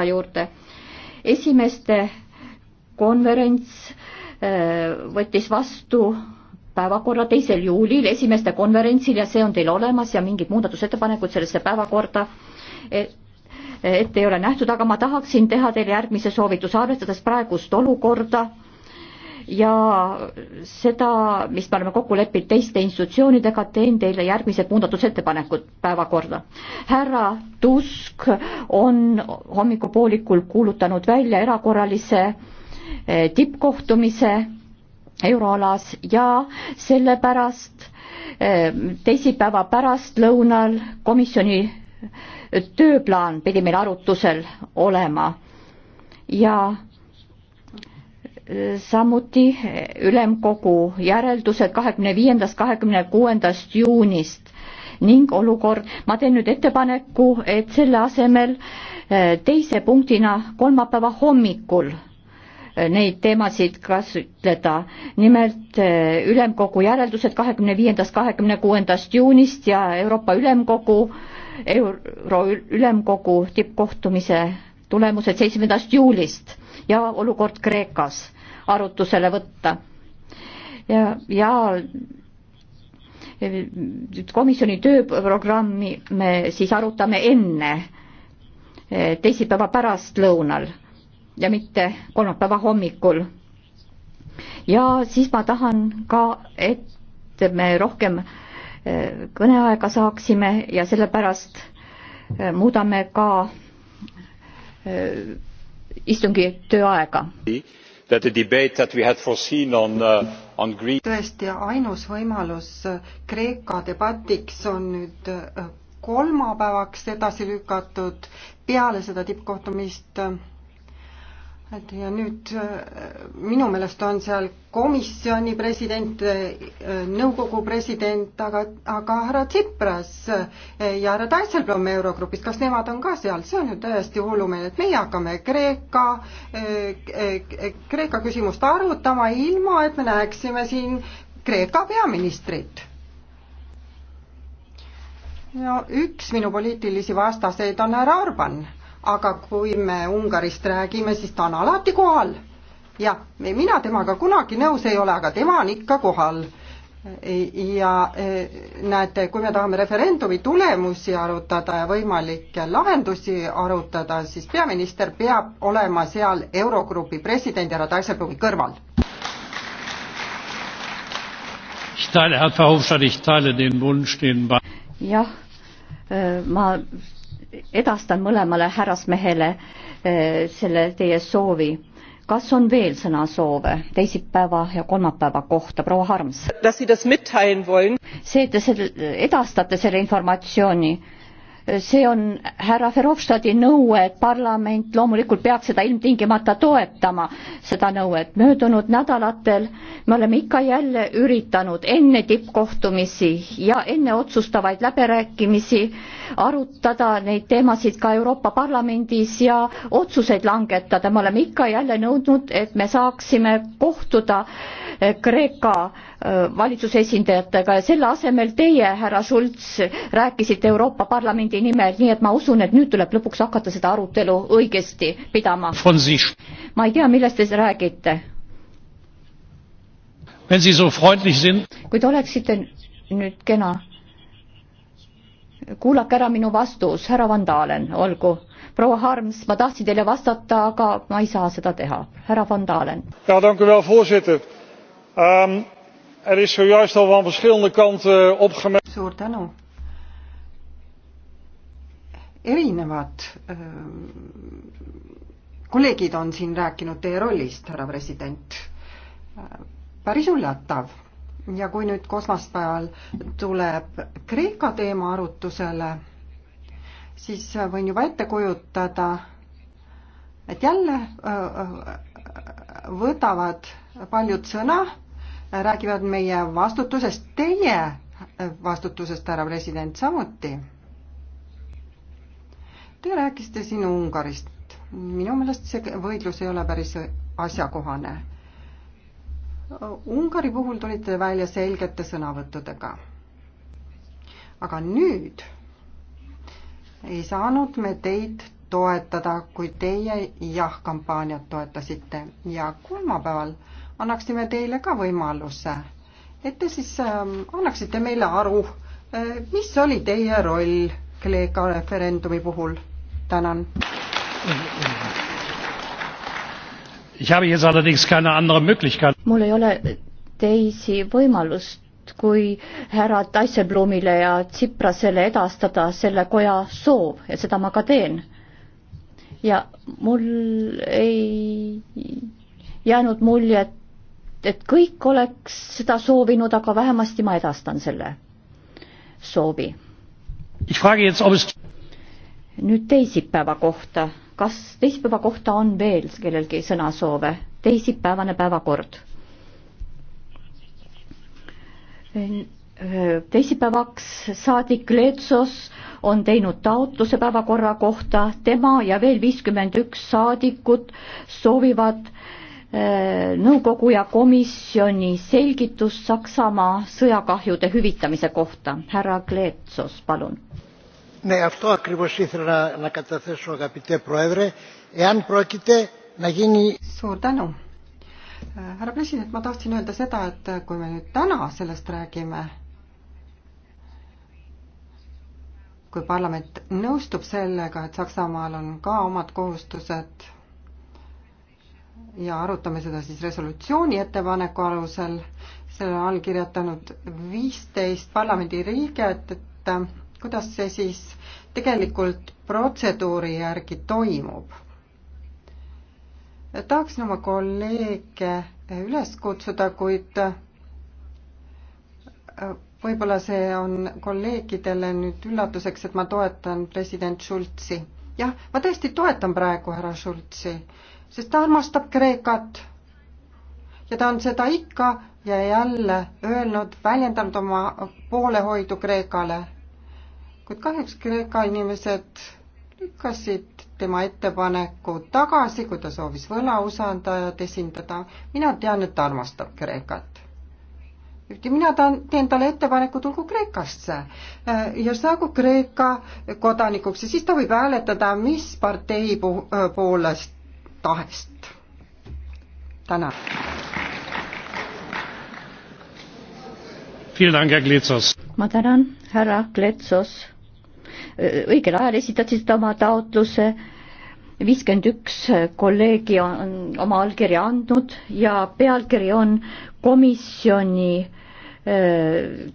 päevakorra juurde. esimeste konverents äh, võttis vastu päevakorra teisel juulil esimeste konverentsil ja see on teil olemas ja mingid muudatusettepanekud sellesse päevakorda e-, ette ei ole nähtud, aga ma tahaksin teha teile järgmise soovituse, arvestades praegust olukorda ja seda, mis me oleme kokku leppinud teiste institutsioonidega, teen teile järgmised muudatusettepanekud päevakorda. härra Tusk on hommikupoolikul kuulutanud välja erakorralise eh, tippkohtumise euroalas ja sellepärast eh, teisipäeva pärastlõunal komisjoni eh, tööplaan pidi meil arutusel olema ja samuti ülemkogu järeldused kahekümne viiendast, kahekümne kuuendast juunist ning olukord, ma teen nüüd ettepaneku, et selle asemel eh, teise punktina kolmapäeva hommikul eh, neid teemasid kasutleda. nimelt eh, ülemkogu järeldused kahekümne viiendast, kahekümne kuuendast juunist ja Euroopa Ülemkogu, Euro Ülemkogu tippkohtumise tulemused seitsmendast juulist ja olukord Kreekas arutusele võtta. ja, ja komisjoni tööprogrammi me siis arutame enne eh, teisipäeva pärastlõunal ja mitte kolmapäeva hommikul. ja siis ma tahan ka, et me rohkem eh, kõneaega saaksime ja sellepärast eh, muudame ka istungi tööaega. Uh, tõesti ainus võimalus Kreeka debatiks on nüüd äh, kolmapäevaks edasi lükatud peale seda tippkohtumist äh, et ja nüüd äh, minu meelest on seal komisjoni president, äh, nõukogu president, aga, aga härra Tsipras äh, ja härra Dijsselbloem Eurogrupist, kas nemad on ka seal, see on ju täiesti hullumeelne, et meie hakkame Kreeka, Kreeka küsimust arutama, ilma et me näeksime siin Kreeka peaministrit no üks minu poliitilisi vastaseid on härra Orban aga kui me Ungarist räägime, siis ta on alati kohal. jah, mina temaga kunagi nõus ei ole, aga tema on ikka kohal. E, ja e, näete, kui me tahame referendumi tulemusi arutada ja võimalikke lahendusi arutada, siis peaminister peab olema seal Eurogrupi presidendi härra Dijsselbloemi kõrval. jah, e, ma edastan mõlemale härrasmehele eh, selle teie soovi. kas on veel sõnasoove teisipäeva ja kolmapäeva kohta, proua Harms? see, et te selle, edastate selle informatsiooni, see on härra Verhofstadti nõue, et parlament loomulikult peaks seda ilmtingimata toetama, seda nõuet. möödunud nädalatel me oleme ikka jälle üritanud enne tippkohtumisi ja enne otsustavaid läbirääkimisi arutada neid teemasid ka Euroopa Parlamendis ja otsuseid langetada. me oleme ikka jälle nõudnud, et me saaksime kohtuda eh, Kreeka eh, valitsuse esindajatega ja selle asemel teie, härra Schulz, rääkisite Euroopa Parlamendi parlamendi nimel, nii et ma usun, et nüüd tuleb lõpuks hakata seda arutelu õigesti pidama. ma ei tea, millest te räägite. So sind... kui te oleksite nüüd kena, kuulake ära minu vastus, härra Van Dalen, olgu. proua Harms, ma tahtsin teile vastata, aga ma ei saa seda teha. härra Van Dalen. ja, tänku veel, voorzitter um,. Er is zojuist al van verschillende kanten opgemerkt. Suur tänu, erinevad ähm, kolleegid on siin rääkinud teie rollist, härra president. päris üllatav. ja kui nüüd kosmospäeval tuleb Kreeka teema arutusele, siis võin juba ette kujutada, et jälle äh, äh, võtavad paljud sõna, räägivad meie vastutusest, teie vastutusest, härra president, samuti Te rääkisite siin Ungarist. minu meelest see võidlus ei ole päris asjakohane. Ungari puhul tulite välja selgete sõnavõttudega. aga nüüd ei saanud me teid toetada, kui teie jah-kampaaniat toetasite ja kolmapäeval annaksime teile ka võimaluse, et te siis ähm, annaksite meile aru, äh, mis oli teie roll Kreeka referendumi puhul. tänan. mul ei ole teisi võimalust, kui härra Taisseblumile ja Tsiprasele edastada selle koja soov ja seda ma ka teen. ja mul ei jäänud muljet, et kõik oleks seda soovinud, aga vähemasti ma edastan selle soovi nüüd teisipäeva kohta, kas teisipäeva kohta on veel kellelgi sõnasoove? teisipäevane päevakord. teisipäevaks saadik Leetsos on teinud taotluse päevakorra kohta, tema ja veel viiskümmend üks saadikut soovivad Äh, nõukogu ja komisjoni selgitus Saksamaa sõjakahjude hüvitamise kohta. härra Kleetsos, palun. Ναι, αυτό ακριβώς ήθελα να καταθέσω αγαπητέ Πρόεδρε, εάν πρόκειται να γίνει... Suur tänu. Äh, härra president, ma tahtsin öelda seda, et kui me nüüd täna sellest räägime, kui parlament nõustub sellega, et Saksamaal on ka omad kohustused ja arutame seda siis resolutsiooni ettepaneku alusel, selle on allkirjatanud viisteist parlamendiriiget, et äh, kuidas see siis tegelikult protseduuri järgi toimub? tahaksin oma kolleege üles kutsuda, kuid äh, võib-olla see on kolleegidele nüüd üllatuseks, et ma toetan president Schulzi jah, ma tõesti toetan praegu härra Schultzi, sest ta armastab Kreekat. ja ta on seda ikka ja jälle öelnud, väljendanud oma poolehoidu Kreekale. kuid kahjuks Kreeka inimesed lükkasid tema ettepaneku tagasi, kui ta soovis võlausaldajad esindada. mina tean, et ta armastab Kreekat mina tahan, teen talle ettepaneku, tulgu Kreekasse äh, ja saagu Kreeka kodanikuks ja siis ta võib hääletada, mis partei äh, poolest tahest. tänan. ma tänan, härra Kletsos. õigel ajal esitasite oma taotluse viiskümmend üks kolleegi on oma allkirja andnud ja pealkiri on komisjoni äh,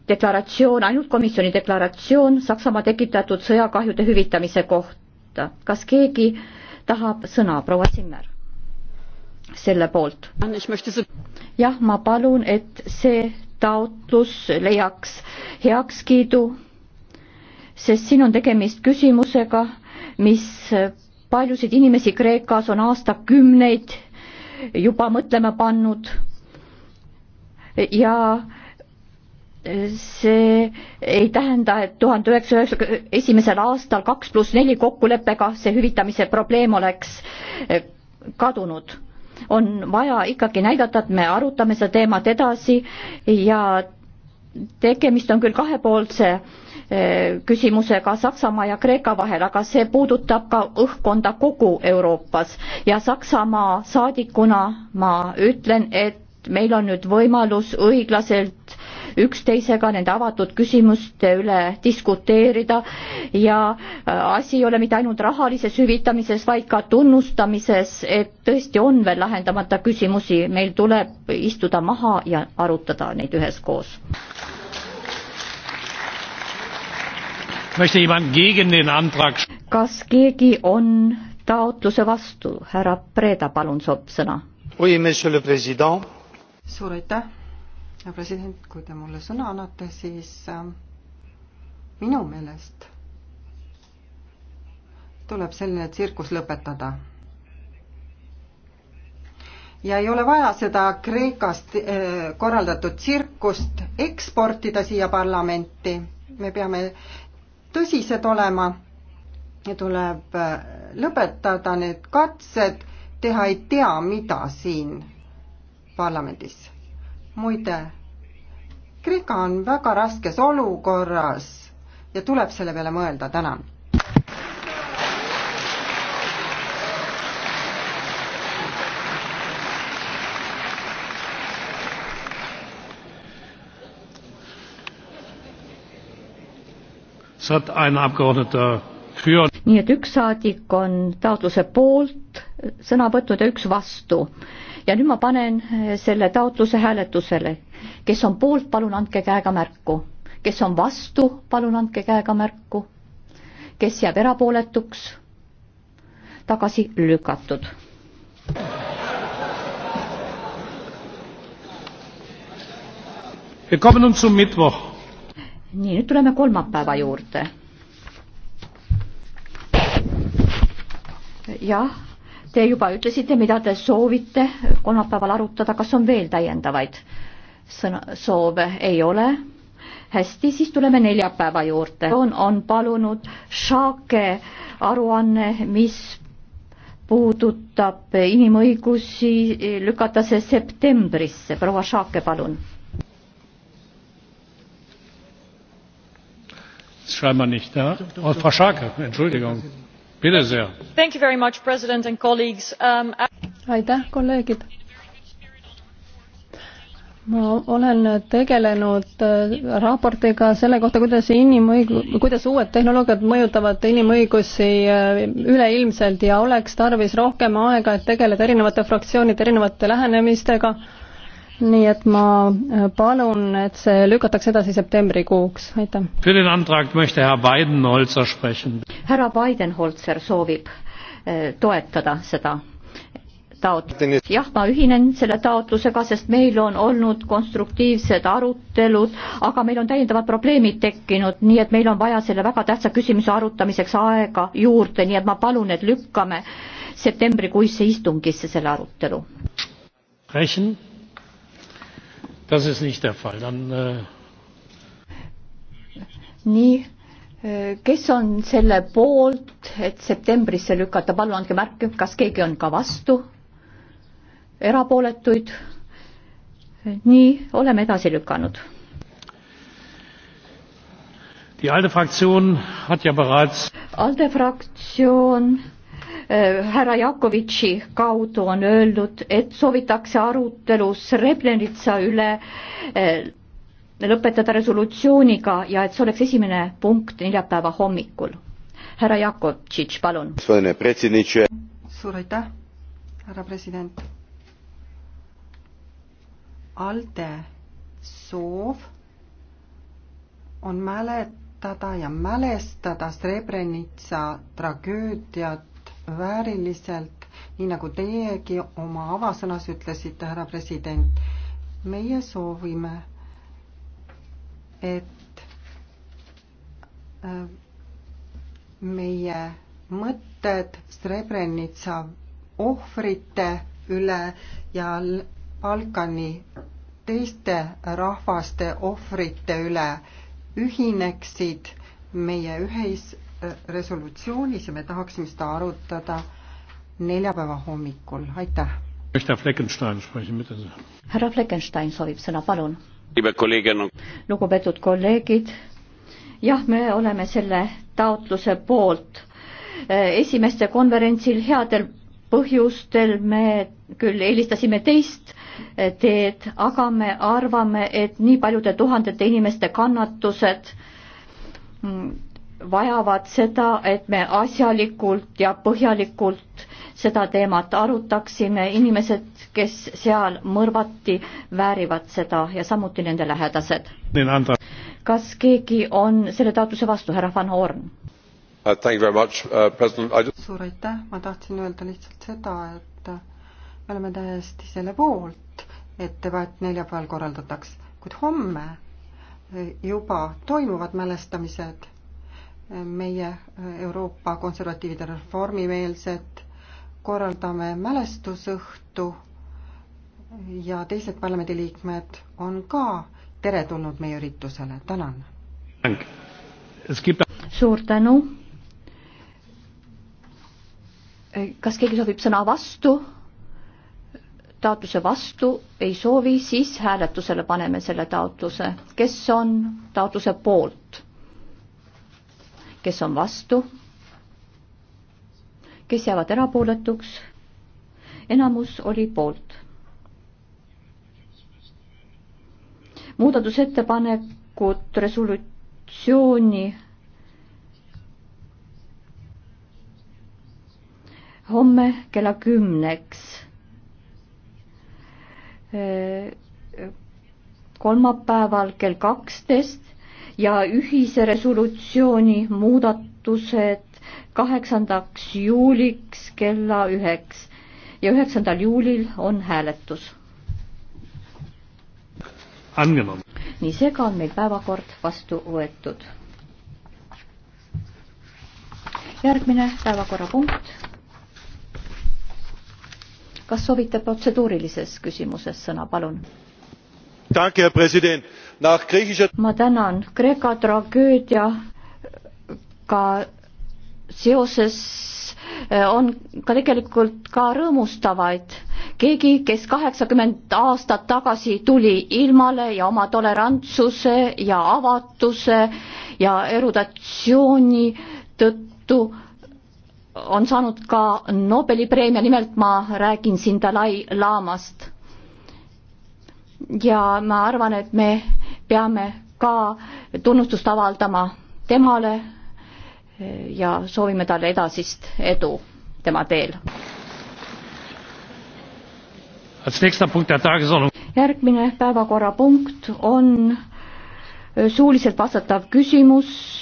deklaratsioon, ainult komisjoni deklaratsioon Saksamaa tekitatud sõjakahjude hüvitamise kohta. kas keegi tahab sõna, proua Simmer? selle poolt. jah, ma palun, et see taotlus leiaks heakskiidu, sest siin on tegemist küsimusega, mis paljusid inimesi Kreekas on aastakümneid juba mõtlema pannud ja see ei tähenda, et tuhande üheksasaja üheksakümne esimesel aastal kaks pluss neli kokkuleppega see hüvitamise probleem oleks eh, kadunud. on vaja ikkagi näidata, et me arutame seda teemat edasi ja tegemist on küll kahepoolse Eh, küsimusega Saksamaa ja Kreeka vahel, aga see puudutab ka õhkkonda kogu Euroopas ja Saksamaa saadikuna ma ütlen, et meil on nüüd võimalus õiglaselt üksteisega nende avatud küsimuste üle diskuteerida ja äh, asi ei ole mitte ainult rahalises hüvitamises, vaid ka tunnustamises, et tõesti on veel lahendamata küsimusi, meil tuleb istuda maha ja arutada neid üheskoos. kas keegi on taotluse vastu? härra Preda, palun, saab sõna. suur aitäh, härra president, kui te mulle sõna annate, siis ähm, minu meelest tuleb selline tsirkus lõpetada. ja ei ole vaja seda Kreekast äh, korraldatud tsirkust eksportida siia parlamenti. me peame tõsised olema ja tuleb äh, lõpetada need katsed teha ei tea mida siin parlamendis. muide, Kreeka on väga raskes olukorras ja tuleb selle peale mõelda, tänan nii et üks saadik on taotluse poolt sõna võtnud ja üks vastu. ja nüüd ma panen eh, selle taotluse hääletusele. kes on poolt, palun andke käega märku. kes on vastu, palun andke käega märku. kes jääb erapooletuks, tagasi lükatud. Wir kommen nun zum Mittwoch nii, nüüd tuleme kolmapäeva juurde. jah, te juba ütlesite, mida te soovite kolmapäeval arutada, kas on veel täiendavaid sõna, soove? ei ole? hästi, siis tuleme neljapäeva juurde. on, on palunud Šake aruanne, mis puudutab inimõigusi, lükata see septembrisse. proua Šake, palun mr oh, president um, uh, aitäh kolleegid! ma olen tegelenud äh, raportiga selle kohta kuidas inimõig- kuidas uued tehnoloogiad mõjutavad inimõigusi äh, üleilmselt ja oleks tarvis rohkem aega et tegeleda erinevate fraktsioonide erinevate lähenemistega nii et ma äh, palun, et see lükatakse edasi septembrikuuks, aitäh. härra Bidenholzer soovib äh, toetada seda taotlust. jah, ma ühinen selle taotlusega, sest meil on olnud konstruktiivsed arutelud, aga meil on täiendavad probleemid tekkinud, nii et meil on vaja selle väga tähtsa küsimuse arutamiseks aega juurde, nii et ma palun, et lükkame septembrikuisse istungisse selle arutelu. Sprechen Das ist nicht der Fall. Dann, äh... nii, äh, kes on selle poolt, et septembrisse lükata, palun andke märku, kas keegi on ka vastu, erapooletuid. nii, oleme edasi lükanud. Die ALDE Fraktion hat ja bereits ALDE Fraktion Eh, härra Jakovitši kaudu on öeldud, et soovitakse arutelu Srebrenica üle eh, lõpetada resolutsiooniga ja et see oleks esimene punkt neljapäeva hommikul. härra Jakovtšitš, palun. suur aitäh, härra president. ALDE soov on mäletada ja mälestada Srebrenica tragöödiat vääriliselt, nii nagu teiegi oma avasõnas ütlesite, härra president. meie soovime, et äh, meie mõtted Srebrenica ohvrite üle ja Balkani teiste rahvaste ohvrite üle ühineksid meie ühis, resolutsioonis ja me tahaksime seda arutada neljapäeva hommikul, aitäh. härra Fleckenstein soovib sõna, palun. lugupeetud kolleegid, jah, me oleme selle taotluse poolt. Eh, esimeste konverentsil headel põhjustel me küll eelistasime teist eh, teed, aga me arvame, et nii paljude tuhandete inimeste kannatused mm, vajavad seda, et me asjalikult ja põhjalikult seda teemat arutaksime, inimesed, kes seal mõrvati, väärivad seda ja samuti nende lähedased. kas keegi on selle taotluse vastu, härra Van Horn? Uh, uh, suur aitäh, ma tahtsin öelda lihtsalt seda, et uh, me oleme täiesti selle poolt, et debatt neljapäeval korraldataks, kuid homme juba toimuvad mälestamised meie äh, Euroopa konservatiivid ja reformimeelsed korraldame mälestusõhtu ja teised parlamendiliikmed on ka teretulnud meie üritusele, tänan. suur tänu. kas keegi soovib sõna vastu? taotluse vastu ei soovi, siis hääletusele paneme selle taotluse. kes on taotluse poolt? kes on vastu, kes jäävad erapooletuks. enamus oli poolt. muudatusettepanekud resolutsiooni homme kella kümneks kolmapäeval kell kaksteist ja ühise resolutsiooni muudatused kaheksandaks juuliks kella üheks ja üheksandal juulil on hääletus. nii, seega on meil päevakord vastu võetud. järgmine päevakorrapunkt. kas soovite protseduurilises küsimuses sõna, palun? ma tänan. Kreeka tragöödiaga seoses eh, on ka tegelikult ka rõõmustavaid. keegi, kes kaheksakümmend aastat tagasi tuli ilmale ja oma tolerantsuse ja avatuse ja erudatsiooni tõttu on saanud ka Nobeli preemia, nimelt ma räägin siin Dalai-laamast ja ma arvan, et me peame ka tunnustust avaldama temale eh, ja soovime talle edasist edu tema teel. järgmine päevakorrapunkt on eh, suuliselt vastatav küsimus